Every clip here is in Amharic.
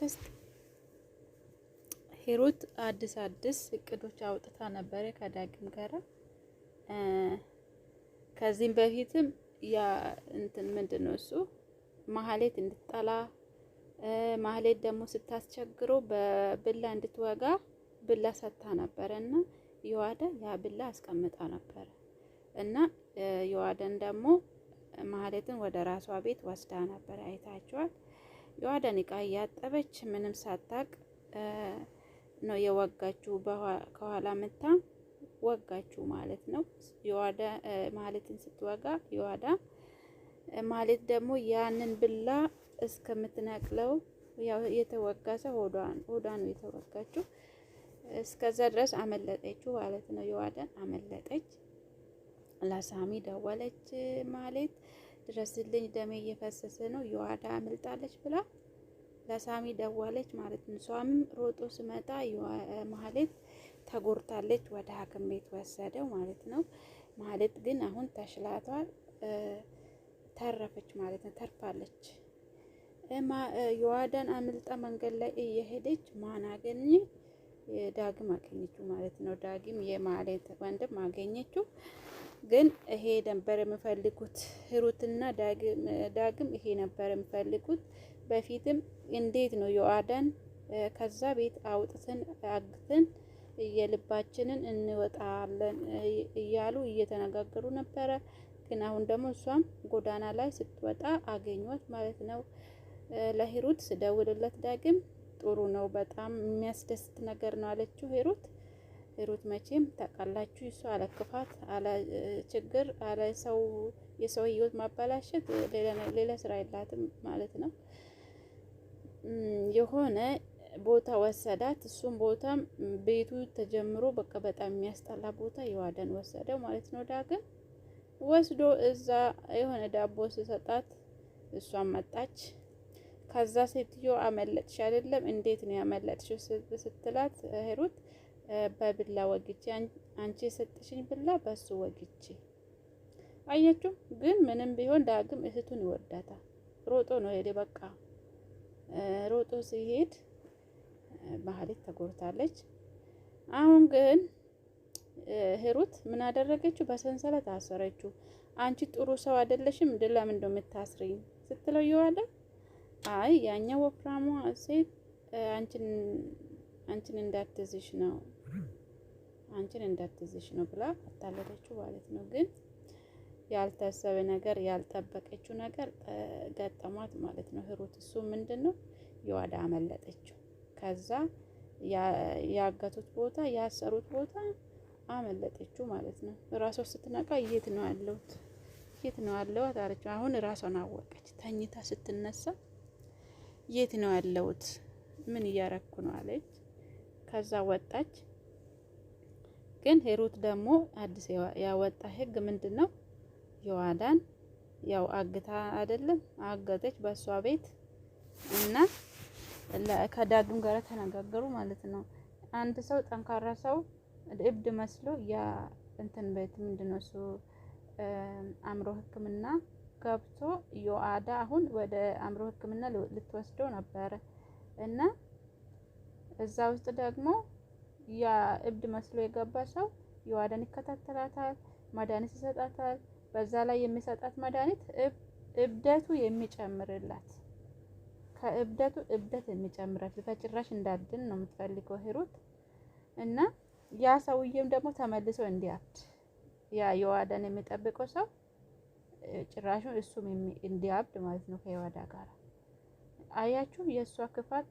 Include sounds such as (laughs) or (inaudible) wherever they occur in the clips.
ስድስት ሂሩት አዲስ አዲስ እቅዶች አውጥታ ነበረ ከዳግም ጋራ ከዚህም በፊትም ያ እንትን ምንድን ነው እሱ ማህሌት እንድትጠላ ማህሌት ደግሞ ስታስቸግሮ በብላ እንድትወጋ ብላ ሰታ ነበረ እና የዋደ ያ ብላ አስቀምጣ ነበረ እና የዋደን ደግሞ ማህሌትን ወደ ራሷ ቤት ወስዳ ነበረ። አይታችኋል። የዋዳን እቃ እያጠበች ምንም ሳታቅ ነው የወጋችሁ። ከኋላ መታ ወጋችሁ ማለት ነው። የዋዳ ማለትን ስትወጋ የዋዳ ማለት ደግሞ ያንን ብላ እስከምትነቅለው የተወጋ ሰው ሆዷ ነው የተወጋችሁ። እስከዛ ድረስ አመለጠችው ማለት ነው። የዋዳን አመለጠች። ለሳሚ ደወለች ማለት ድረስልኝ ደሜ እየፈሰሰ ነው የዋዳ አምልጣለች ብላ ለሳሚ ደዋለች ማለት ነው። እሷም ሮጦ ስመጣ ማህሌት ተጎርታለች ወደ ሐኪም ቤት ወሰደው ማለት ነው። ማህሌት ግን አሁን ተሽላቷል፣ ተረፈች ማለት ነው። ተርፋለች። የዋዳን አምልጣ መንገድ ላይ እየሄደች ማን አገኘ? ዳግም አገኘችው ማለት ነው። ዳግም የማህሌት ወንድም አገኘችው። ግን ይሄ ነበር የምፈልጉት። ሂሩትና ዳግም ይሄ ነበር የምፈልጉት። በፊትም እንዴት ነው የአዳን ከዛ ቤት አውጥተን አግተን የልባችንን እንወጣለን እያሉ እየተነጋገሩ ነበረ። ግን አሁን ደግሞ እሷም ጎዳና ላይ ስትወጣ አገኟት ማለት ነው። ለሂሩት ስደውልለት ዳግም ጥሩ ነው፣ በጣም የሚያስደስት ነገር ነው አለችው ሂሩት ሩት መቼም ታውቃላችሁ፣ እሷ አለ ክፋት አለ ችግር አለ ሰው የሰው ህይወት ማበላሸት ሌላ ስራ የላትም ማለት ነው። የሆነ ቦታ ወሰዳት። እሱም ቦታ ቤቱ ተጀምሮ በቃ በጣም የሚያስጠላ ቦታ የዋደን ወሰደው ማለት ነው። ዳግም ወስዶ እዛ የሆነ ዳቦ ስሰጣት እሷ መጣች። ከዛ ሴትዮ አመለጥሽ አይደለም እንዴት ነው ያመለጥሽ ስትላት ሄሩት በብላ ወግቼ፣ አንቺ የሰጠሽኝ ብላ በሱ ወግቼ። አየችው። ግን ምንም ቢሆን ዳግም እህቱን ይወዳታል። ሮጦ ነው ሄደ። በቃ ሮጦ ሲሄድ ማህሌት ተጎርታለች። አሁን ግን ህሩት ምን አደረገችው? በሰንሰለት አሰረችው። አንቺ ጥሩ ሰው አይደለሽም እንዴ? ለምን እንደው ስትለው ይዋለ አይ ያኛው ወፍራሟ ሴት አንቺን አንቺን እንዳትዝሽ ነው አንቺን እንዳትዝሽ ነው ብላ አታለለችው ማለት ነው። ግን ያልታሰበ ነገር ያልጠበቀችው ነገር ገጠሟት ማለት ነው። ህሩት እሱ ምንድን ነው የዋዳ አመለጠችው። ከዛ ያገቱት ቦታ ያሰሩት ቦታ አመለጠችው ማለት ነው። ራሷ ስትነቃ የት ነው ያለሁት የት ነው ያለሁት አለችው። አሁን ራሷን አወቀች። ተኝታ ስትነሳ የት ነው ያለሁት ምን እያረኩ ነው አለች። ከዛ ወጣች። ግን ሄሩት ደግሞ አዲስ ያወጣ ህግ ምንድን ነው? የዋዳን ያው አግታ አይደለም አገተች በእሷ ቤት እና ከዳግም ጋር ተነጋገሩ ማለት ነው። አንድ ሰው ጠንካራ ሰው እብድ መስሎ ያ እንትን ቤት ምንድን ነው እሱ አእምሮ ሕክምና ገብቶ ዮአዳ አሁን ወደ አእምሮ ህክምና ልትወስደው ነበረ እና እዛ ውስጥ ደግሞ የእብድ መስሎ የገባ ሰው የዋዳን ይከታተላታል፣ መድኃኒት ይሰጣታል። በዛ ላይ የሚሰጣት መድኃኒት እብደቱ የሚጨምርላት ከእብደቱ እብደት የሚጨምረት በጭራሽ እንዳድን ነው የምትፈልገው ሂሩት እና ያ ሰውዬም ደግሞ ተመልሶ እንዲያብድ ያ የዋዳን የሚጠብቀው ሰው ጭራሹ እሱም እንዲያብድ ማለት ነው ከየዋዳ ጋር አያችሁ። የእሷ ክፋት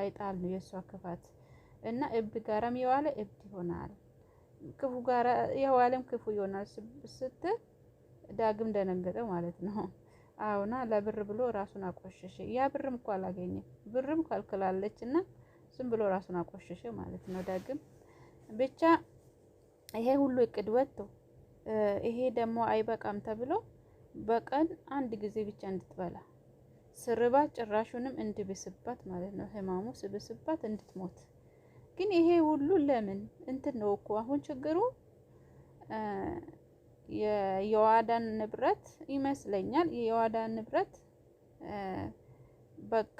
አይጣል ነው የእሷ ክፋት እና እብ ጋራም የዋለ እብድ ይሆናል፣ ክፉ ጋራ የዋለም ክፉ ይሆናል ስትል ዳግም ደነገጠ ማለት ነው። (laughs) አሁና ለብር ብሎ ራሱን አቆሸሸ። ያ ብርም እኮ አላገኘም፣ ብርም ከልክላለች እና ዝም ብሎ ራሱን አቆሸሸ ማለት ነው። ዳግም ብቻ ይሄ ሁሉ እቅድ ወጥቶ ይሄ ደግሞ አይበቃም ተብሎ በቀን አንድ ጊዜ ብቻ እንድትበላ ስርባት ጭራሹንም እንድብስባት ማለት ነው። ህማሙ ስብስባት እንድትሞት ግን ይሄ ሁሉ ለምን እንትን ነው እኮ አሁን ችግሩ የዋዳን ንብረት ይመስለኛል። የዮዋዳን ንብረት በቃ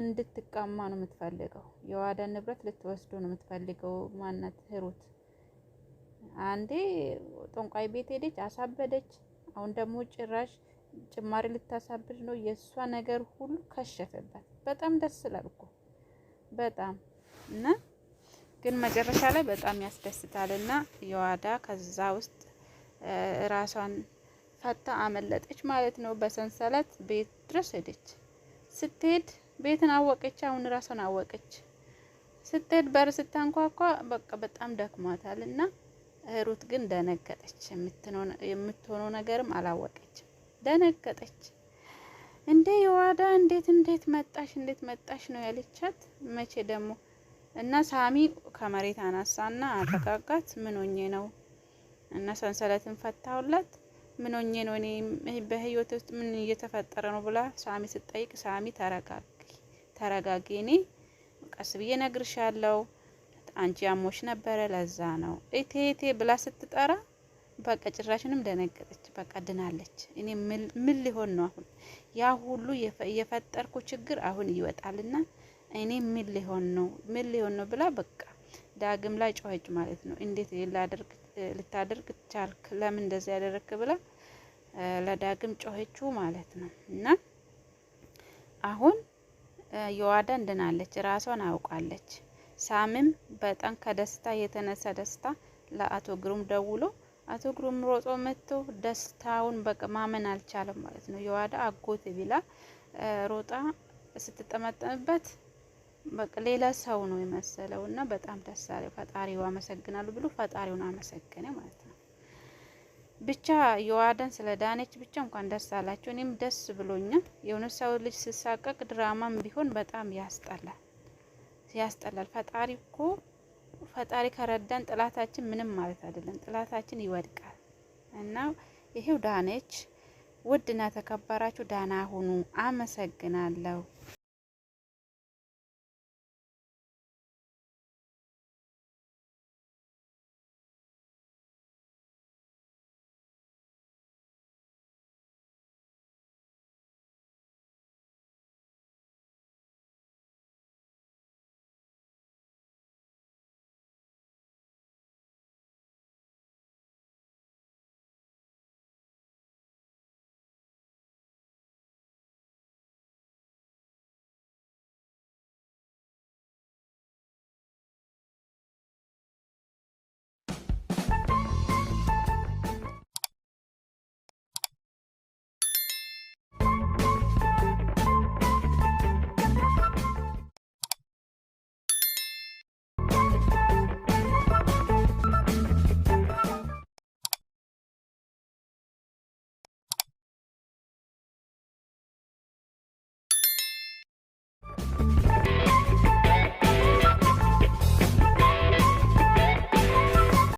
እንድትቀማ ነው የምትፈልገው። የዋዳን ንብረት ልትወስዱ ነው የምትፈልገው። ማናት ህሩት አንዴ ጠንቋይ ቤት ሄደች፣ አሳበደች። አሁን ደግሞ ጭራሽ ጭማሪ ልታሳብድ ነው። የእሷ ነገር ሁሉ ከሸፈባት። በጣም ደስ ይላል እኮ በጣም እና ግን መጨረሻ ላይ በጣም ያስደስታል እና የዋዳ ከዛ ውስጥ ራሷን ፈታ አመለጠች ማለት ነው። በሰንሰለት ቤት ድረስ ሄደች። ስትሄድ ቤትን አወቀች። አሁን ራሷን አወቀች። ስትሄድ በር ስታንኳኳ በቃ በጣም ደክሟታል እና ሩት ግን ደነገጠች። የምትሆነው ነገርም አላወቀችም። ደነገጠች። እንዴ የዋዳ እንዴት እንዴት መጣሽ እንዴት መጣሽ ነው ያለቻት። መቼ ደግሞ እና ሳሚ ከመሬት አናሳና አረጋጋት። ምን ሆኜ ነው እና ሰንሰለትን ፈታሁላት። ምን ሆኜ ነው እኔ በህይወት ውስጥ ምን እየተፈጠረ ነው ብላ ሳሚ ስጠይቅ፣ ሳሚ ተረጋጊ፣ ተረጋጊ እኔ ቀስ ብዬ ነግርሻለሁ። አንቺ አሞሽ ነበረ ለዛ ነው እቴ እቴ ብላ ስትጠራ በቃ ጭራሽንም ደነገጠች። በቃ ድናለች። እኔ ምን ሊሆን ነው አሁን ያ ሁሉ የፈጠርኩ ችግር አሁን ይወጣልና እኔ ምን ሊሆን ነው ምን ሊሆን ነው ብላ በቃ ዳግም ላይ ጮኸች ማለት ነው። እንዴት ልታደርግ ቻልክ? ለምን እንደዚህ ያደረግክ ብላ ለዳግም ጮኸችው ማለት ነው። እና አሁን የዋዳ እንድናለች፣ ራሷን አውቃለች። ሳምም በጣም ከደስታ የተነሳ ደስታ ለአቶ ግሩም ደውሎ አቶ ግሩም ሮጦ መጥቶ ደስታውን በቃ ማመን አልቻለም ማለት ነው። የዋዳ አጎት ቢላ ሮጣ ስትጠመጠምበት በቃ ሌላ ሰው ነው የመሰለው እና በጣም ደስ አለ። ፈጣሪው አመሰግናሉ ብሎ ፈጣሪውን አመሰገነ ማለት ነው። ብቻ የዋደን ስለ ዳነች ብቻ እንኳን ደስ አላችሁ። እኔም ደስ ብሎኛል። የሆነ ሰው ልጅ ስሳቀቅ ድራማም ቢሆን በጣም ያስጠላል፣ ያስጠላል። ፈጣሪ እኮ ፈጣሪ ከረዳን ጥላታችን ምንም ማለት አይደለም፣ ጥላታችን ይወድቃል እና ይሄው ዳነች። ውድና ተከበራችሁ ዳና ሁኑ። አመሰግናለሁ።